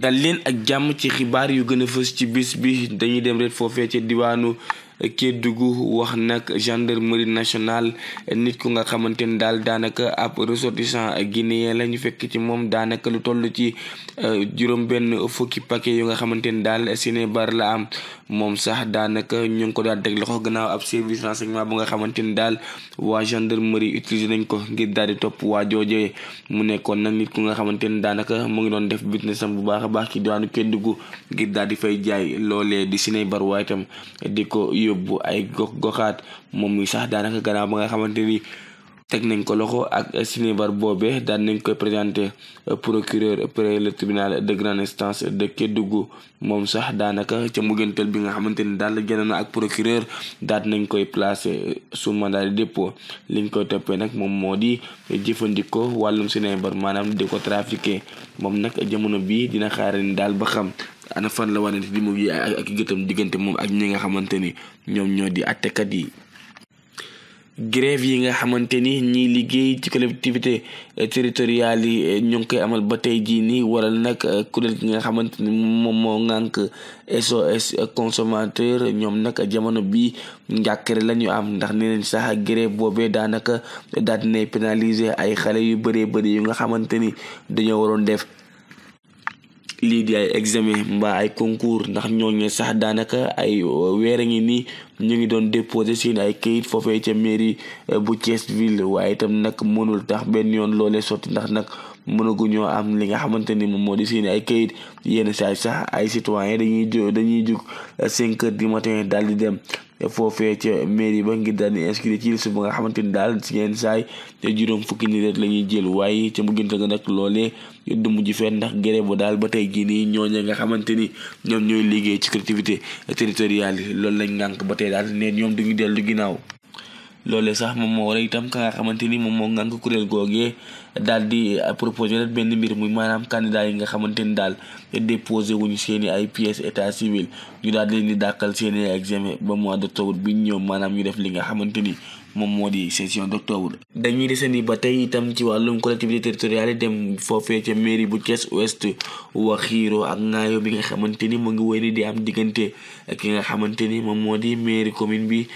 dal leen ak jàmm ci xibaar yu gën a fës ci bis bi dañuy dem ret foofee ca diwaanu Kédougou wax nag gendre gendarmerie nationale nit ku nga xamante ni daal daanaka ab ressortissant guinéen la ñu fekk ci moom daanaka lu toll ci euh, juróom benn fukki paquet yu nga xamante ni daal Sénébar la am moom sax daanaka ñu ngi ko daal teg loxo gannaaw ab service renseignement bu nga xamante ni daal waa gendarmerie utiliser nañ ko ngir daal di topp waa joojee mu nekkoon nag nit ku nga xamante ni daanaka mu ngi doon def business am bu baax a baax ci diwaanu Kédougou ngir daal di fay jaay loolee di Sénébar waaye yóbbu ay gox goxaat moom mi sax daanaka gannaaw ba nga xamante ni teg nañ ko loxo ak sinibar boobe daal nañ koy présenté euh, procureur près le tribunal de grande instance de Kédougou moom sax daanaka ca mujjantal bi nga xamante ni daal génn na ak procureur daat nañ koy placé euh, sous mandat de dépôt liñ koy toppee nag moom moo di jëfandikoo wàllum sinibar maanaam di ko trafiqué moom nag jamono bii dina xaare ni daal ba xam ana fan la wanante di mu ak gëtam diggante moom ak ñi nga xamante ni ñoom ñoo di attekat yi grève yi nga xamante ni ñii liggéey ci collectivité euh, territoriales yi euh, ñu ngi koy amal ba tey jii nii wala nag euh, kuréel gi nga xamante ni moom moo ŋànk SOS consommateur ñoom nag jamono bi njàkkare la ñu am ndax nee sax sax grève boobee daanaka daal di pénaliser ay xale yu bëree bëri yu nga xamante ni dañoo waroon def lii di ay examen mbaa ay concours ndax ñooñu sax daanaka ay euh, weer a ngi nii ñu ngi doon déposer seen ay kayit foofee ca mairie euh, bu Thiès ville waaye itam nag mënul tax benn yoon loole sotti ndax nag mënaguñoo am li nga xamante ni moom moo di seen ay kayit yenn saay sax ay citoyen dañuy dañuy jug euh, cinq heures du matin daal di dem foofee ca mairie ba ngir daal di inscrire ci liste ba nga xamante ni daal si yenn saay te juróom fukki nit rek la ñuy jël waaye ca mujjante ga nag loolee du mujj fenn ndax grève bu daal ba tey jii nii ñooñu nga xamante ni ñoom ñooy liggéey ci collectivité territoriale yi loolu lañ ngànk ba tey daal ne ñoom duñu dellu ginnaaw loole sax moom moo war a itam ka nga xamante ni moom moo ngànk kuréel googee daal di euh, proposé rek benn mbir muy maanaam candidat yi nga xamante ni daal déposé wuñu seen ay pièces état civil ñu daal di leen di dàkkal seen i examen ba mois d'octobre bi ñëw maanaam ñu def li nga xamante ni moom moo di session d'octobre dañuy desandi ba tey itam ci wàllum collectivité territoriale yi dem foofee ca mairie bu Thiès Ouest waxiiroo ak ngaayoo bi nga xamante ni mu ngi wéy di am diggante ki nga xamante ni moom moo di mairie commune bi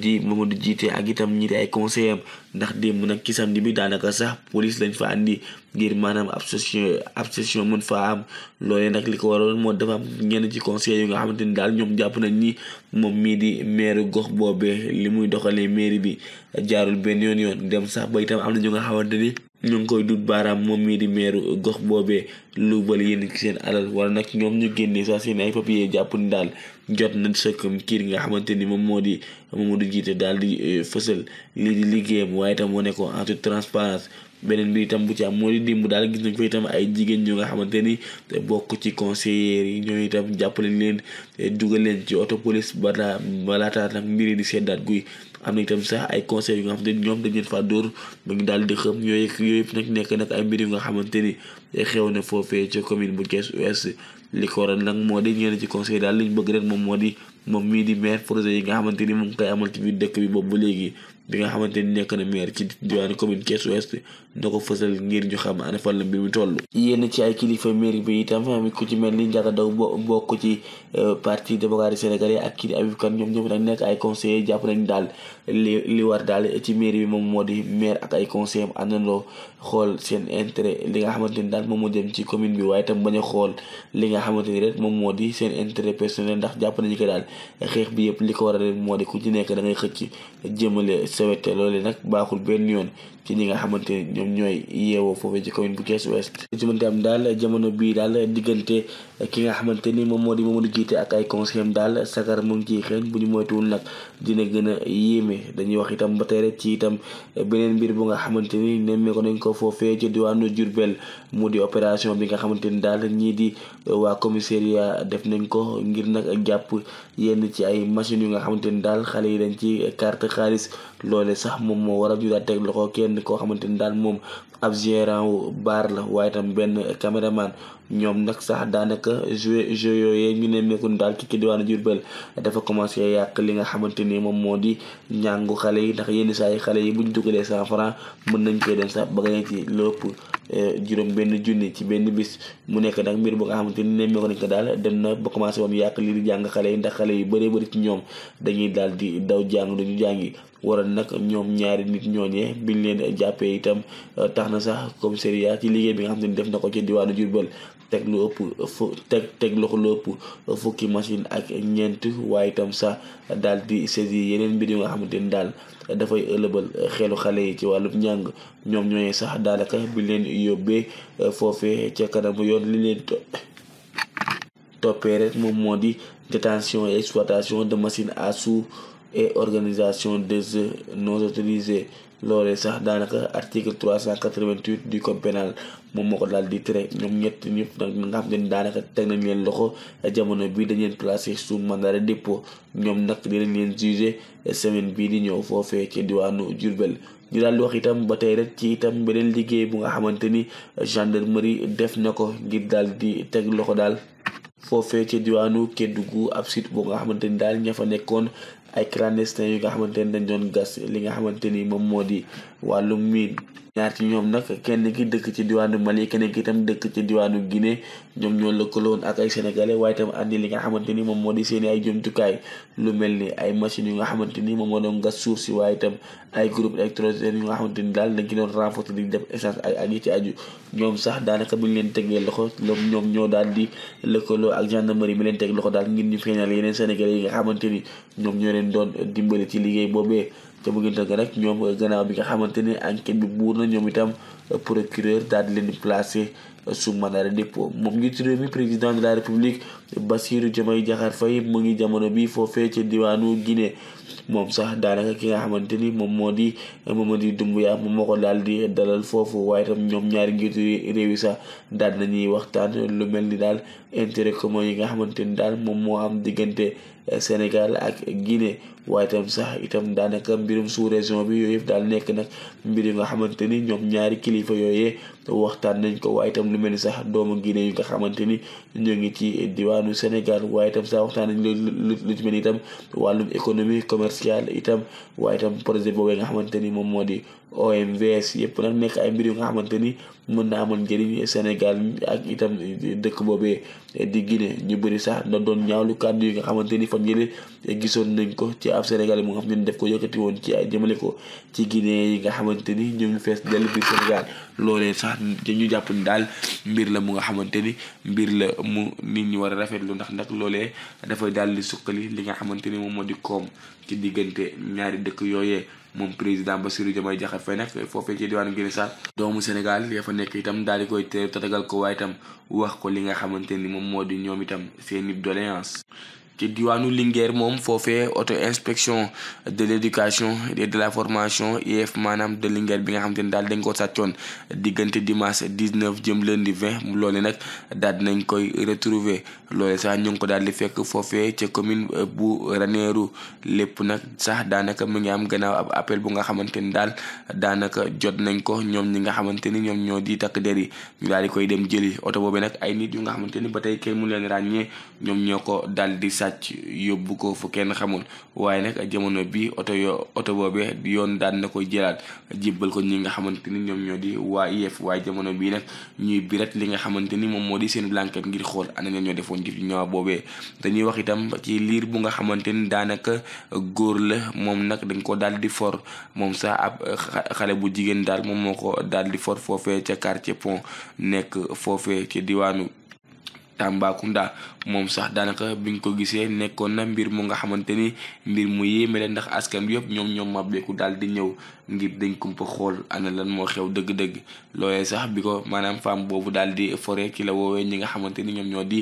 di Mamadou Djité ak itam ñi ay conseil am ndax démb nag ci samedi bi daanaka sax police lañ fa andi ngir maanaam abstention abstention mën fa am loolee nag li ko waroon moo dafa am ci conseil yi nga xamante ni daal ñoom jàpp nañ ni moom mii di maire gox boobe li muy doxalee mairie bi jaarul benn yoon yoon dem sax ba itam am na ñu nga xamante ni ñu ngi koy du baaraam moom mii di meeru gox boobee lu bal yéen ki seen alal wala nag ñoom ñu génnee saa seen ay papier jàpp ni daal jot na sëkkam kiir nga xamante ni moom moo di mu Mamadou Djité daal di euh, fësal lii di liggéeyam waaye itam wane ko en toute transparence beneen bi itam bu ci am moo di dimb daal gis nañ fa itam ay jigéen ñu nga xamante ni te bokk ci conseillers yi ñooñu itam jàppale leen dugal leen ci auto ba bala balaata nag mbiri di seddaat guy am na itam sax ay conseils yu nga xamante ni ñoom dañ leen faa dóor mu ngi daal di xam yooyu nekk nag ay mbir yu nga xamante ni xew na foofee ca commune bu Thiès Ouest li ko waral nag moo di ñeneen ci conseil daal liñ bëgg rek moom moo di moom mii di maire projet yi nga xamante ni mu ngi koy amal ci biir dëkk bi boobu ba léegi bi nga xamante ni nekk na maire ci diwaanu commune Thiès Ouest na ko fësal ngir ñu xam ana la mbir mi toll. yenn ci ay kilifa maire bi itam am bo bokk ci euh, parti démocratique ak kii Habib ñoom ñëpp dañ nekk ay jàpp nañ daal li li daal ci maire bi moom moo di maire ak ay conseillers am àndandoo xool seen intérêt li nga xamante ni daal moom moo dem ci commune bi waaye tam bañ a xool li nga xamante ni rek moom moo di seen intérêt personnel ndax jàpp nañu ko daal xeex bi yëpp li ko war a moo di ku ci nekk da ngay xëcc jëmale. sowet te loolu nag baaxul benn yoon ci ñi nga xamante ni ñoom ñooy yeewoo foofee ci commune bu Thiès Ouest ci mënti am daal jamono bii daal diggante ki nga xamante ni moom moo di Mamadou Guité ak ay conseil am daal sagar mu ngi ciy xeeñ bu ñu moytuwul nag dina gën a yéeme dañuy wax itam ba ci itam beneen mbir bu nga xamante ni nemmee nañ ko foofee ci diwaanu Diourbel mu di opération bi nga xamante ni daal ñii di waa commissariat def nañ ko ngir nag jàpp yenn ci ay machines yu nga xamante ni daal xale yi dañ ci carte xaalis loole sax moom moo waral ñu daal teg loxo kenn koo xamante ni daal moom ab gérant baar la waaye tam benn caméraman ñoom nag sax daanaka joué jeu yooyee ñu ne mekkun daal ci ki diwaanu Jurbel dafa commencé yàq li nga xamante ni moom moo di ñàngu xale yi ndax yenn saa yi xale yi bu ñu dugalee cent mën nañ koy dem sax ba nga ci lépp eh, juróom benn junni ci benn bis mu nekk nag mbir bu nga xamante ni nemmeeku nañ daal dem na ba commencé woon yàq lii di jàng xale yi ndax xale yu bëree bëri ci ñoom dañuy daal di daw jàng duñu jàngi waral nag ñoom ñaari nit ñooñee biñ leen jàppee itam euh, tax na sax commissariat ci liggéey bi nga xam ne def na ko ci diwaanu Jurbel teg lu ëpp teg teg loxo lu ëpp fukki machine ak ñeent waaye itam sax daal di saisir yeneen mbir yu nga xamante ni daal dafay ëllëbal xelu xale yi ci wàllu njàng ñoom ñooñee sax daanaka biñ leen yóbbee euh, foofee ca kanamu yoon li leen toppee rek moom moo di détention et exploitation de machine à sous et organisation des jeux non autorisés loolee sax daanaka article 388 du code pénal moom moo ko daal di tere ñoom ñett ñëpp nag nga xam te daanaka teg nañ leen loxo jamono bii dañ leen placé sous mandat de dépôt ñoom nag dinañ leen jugé semaine bii di ñëw foofee ci diwaanu Diourbel ñu daal di wax itam ba tey rek ci itam beneen liggéey bu nga xamante ni gendarmerie def na ko ngir daal di teg loxo daal foofee ci diwaanu gu ab site boo nga xamante ni daal ña fa nekkoon ay clandestin yu nga xamante ni dañ doon gas li nga xamante ni moom moo di wàllum miin ñaar ci ñoom nag kenn ki dëkk ci diwaanu Mali kenn ki tam dëkk ci diwaanu Guinée ñoom ñoo lëkkaloon ak ay sénégalais itam andi li nga xamante ni moom moo di seen ay jumtukaay lu mel ni ay machines yu nga xamante ni moom moo doon gas suuf si waaye itam ay groupe électrogène yu nga xamante ni daal dañ ki doon renforcer di ñoom sax daanaka bu leen tegee loxo ñoom ñoo daal di lëkkaloo ak gendarmerie mi leen teg loxo daal ngir ñu feeñal yeneen sénégalais yi nga xamante ni ñoom ñoo leen doon dimbali ci liggéey boobee ca mu ngi tëgg rek ñoom gannaaw bi nga xamante ni enquête bi buur na ñoom itam procureur daal di leen placé sous mandat de dépôt moom njiitu réew mi président de la république Bassirou Diomaye Diakhar Faye mu ngi jamono bi foofee ca diwaanu Guinée moom sax daanaka ki nga xamante ni moom moo di ma Mamadou Doumbouya moom moo ko daal di dalal foofu waaye itam ñoom ñaari njiitu réew yi sax daal nañuy waxtaan lu mel ni daal intérêt commun yi nga xamante ni daal moom moo am diggante Sénégal ak Guinée waaye tam sax itam daanaka mbirum sous région bi yooyu yëpp daal nekk nag mbir yi nga xamante ni ñoom ñaari kilifa yooyee waxtaan nañ ko waaye itam lu mel ni sax doomu Guinée yu nga xamante ni ñoo ngi ci diwaanu Sénégal waaye itam sax waxtaan nañ lu lu ci mel ni itam wàllum économie commerciale itam waaye itam projet boobee nga xamante ni moom moo di OMVS yëpp nag nekk ay mbir yu nga xamante ni mën na amoon njëriñ Sénégal ak itam dëkk boobee di Guinée ñu bëri sax na doon ñaawlu kàddu yi nga xamante ni fan yële gisoon nañ ko ci ab Sénégal yi mu def ko yëkkati woon ci ay jëmale ko ci Guinée yi nga xamante ni ñu ngi fees dellu biir Sénégal loole sax ñu jàpp ni daal mbir la mu nga xamante ni mbir la mu nit ñi war a rafetlu ndax nag loolee dafay daal di suqali li nga xamante ni moom moo di koom ci diggante ñaari dëkk yooyee moom président Bassirou Diomaye Diakhar Faye nag foofee ci diwaanu Guinée Sarr doomu Sénégal ya fa nekk itam daal di koy teew tatagal ko waaye itam wax ko li nga xamante ni moom moo di ñoom itam seen i doléance ci diwaanu Linguère moom foofee auto inspection de l' éducation et de la formation IEF maanaam de Linguère bi nga xam te ne daal dañ ko sàccoon diggante dimanche 19 jëm lundi 20 loole nag daal nañ koy retrouver loole sax ñu ngi ko daal di fekk foofee ca commune euh, bu Ranérou lépp nag sax daanaka mu ngi am gannaaw appel bu nga xamante ni daal daanaka jot nañ ko ñoom ñi nga xamante ni ñoom ñoo di takk der yi ñu koy dem jëli oto boobu nag ay nit yu nga xamante ci yóbbu ko fu kenn xamul waaye nag jamono bi oto yo oto boobee yoon daan na koy jëlaat jibbal ko ñi nga xamante ni ñoom ñoo di waa IEF waaye jamono bii nag ñuy birat li nga xamante ni moom moo di seen blanquette ngir xool ana ñoo defoon jëf ñaaw boobee dañuy wax itam ci liir bu nga xamante ni daanaka góor la moom nag dañ ko daal di for moom sax ab xale bu jigéen daal moom moo ko daal di for foofee ca quartier pont nekk foofee diwaanu Tambacounda moom sax daanaka bi nga ko gisee nekkoon na mbir mu nga xamante ni mbir mu yéeme la ndax askan bi yëpp ñoom ñoom mabbeeku daal di ñëw ngir dañ kumpa xool ana lan moo xew dëgg-dëgg loolee sax bi ko maanaam femme boobu daal di foree ki la woowee ñi nga xamante ni ñoom ñoo di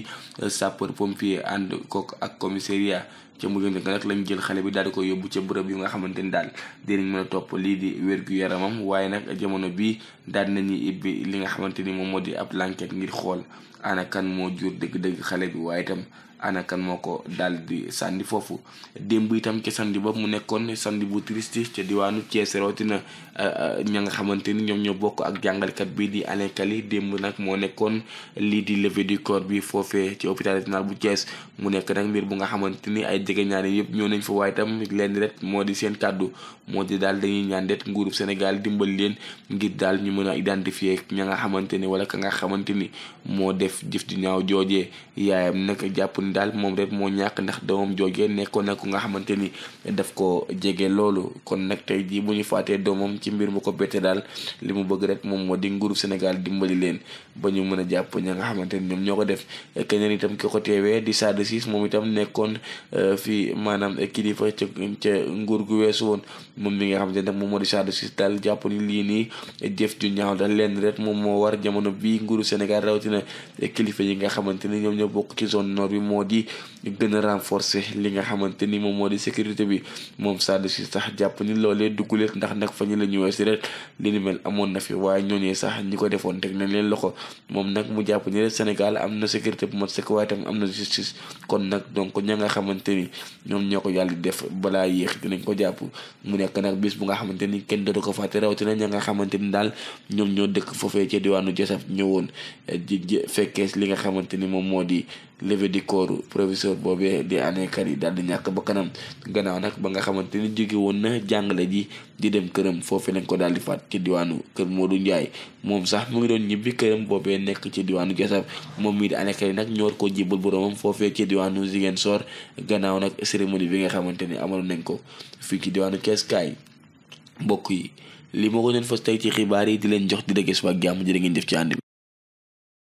sapeur pompier ànd kook ak commissariat ca mujjante ga nag lañ jël xale bi daal di ko yóbbu ca bërëb yu nga xamante ni daal dinañ mën a topp lii di wér-gu-yaramam waaye nag jamono bii daal nañuy ibbi li nga xamante ni moom moo di ab lanket ngir xool ana kan moo jur dëgg-dëgg xale bi waaye itam anakan moo ko dal di sànni foofu démb itam ci sandi ba mu nekkoon sandi bu triste ca diwaanu Thiès rawatina euh, euh, ña nga xamante ni ñoom ñoo bokk ak jàngalekat bii di Alain Kali démb nag moo nekkoon lii di levée di corps bi foofee ci hôpital régional bu Thiès mu nekk nag mbir bu nga xamante ni ay jegeñaale yëpp ñoo nañ fa waaye itam leen rek moo di seen kàddu moo di daal dañuy ñaan det Sénégal dimbali leen ngir daal ñu mën a identifier ña nga xamante ni wala ka nga xamante ni moo def jëf ju ñaaw joojee yaayam nag jàpp ni daal moom rek moo ñàkk ndax doomam joogee nekkoon na ku nga xamante ni daf ko jege loolu kon nag tey jii bu ñu faatee doomam ci mbir mu ko bette daal li mu bëgg rek moom moo di nguuru Sénégal dimbali leen ba ñu mën jàpp ña nga xamante ni ñoom ñoo ko def keneen itam ki ko teewee di Sada Ciss moom itam nekkoon euh, fii maanaam kilifa ca ca nguur gu weesu woon moom mi nga xamante ne moom moo di Sada Ciss daal jàpp ni lii nii jëf ju ñaaw daal leen rek moom moo war jamono bi nguuru Sénégal rawatina kilifa yi nga xamante ñoom ñoo bokk ci zone nord bi moo di gën a renforcer li nga xamante ni moom moo di sécurité bi moom Sadio Cissé sax jàpp ni loolee dugguleet ndax nag fa ñu la ñu weesu rek li ni mel amoon na fi waaye ñooñee sax ñi ko defoon teg nañ leen loxo moom nag mu jàpp ni rek Sénégal am na sécurité bu mat sëkk waaye tam am na justice kon nag donc ña nga xamante ni ñoom ñoo ko yàlla def balaa yéex dinañ ko jàpp mu nekk nag bis bu nga xamante ni kenn dootu ko fàtte rawatina ña nga xamante ni daal ñoom ñoo dëkk foofee ci diwaanu Joseph ñëwoon eh, di fekkee li nga xamante ni moom moo di levée du corps professeur boobee di anekat yi daal di ñàkk ba kanam gannaaw nag ba nga xamante ni jóge woon na jàngale ji di dem këram foofee lañ ko daal di faat ci diwaanu kër Modou Ndiaye moom sax mu ngi doon ñibbi këram boobee nekk ci diwaanu Guessaab moom mii di anekat yi nag ñoor ko jibal boroomam foofee ci diwaanu Ziguinchor gannaaw nag cérémonie bi nga xamante ni amaloon nañ ko fii ci diwaanu Kees kaay mbokk yi li ma ko doon fas tey ci xibaar yi di leen jox di dëgg si waa jàmm jërë ngeen jëf ci ànd bi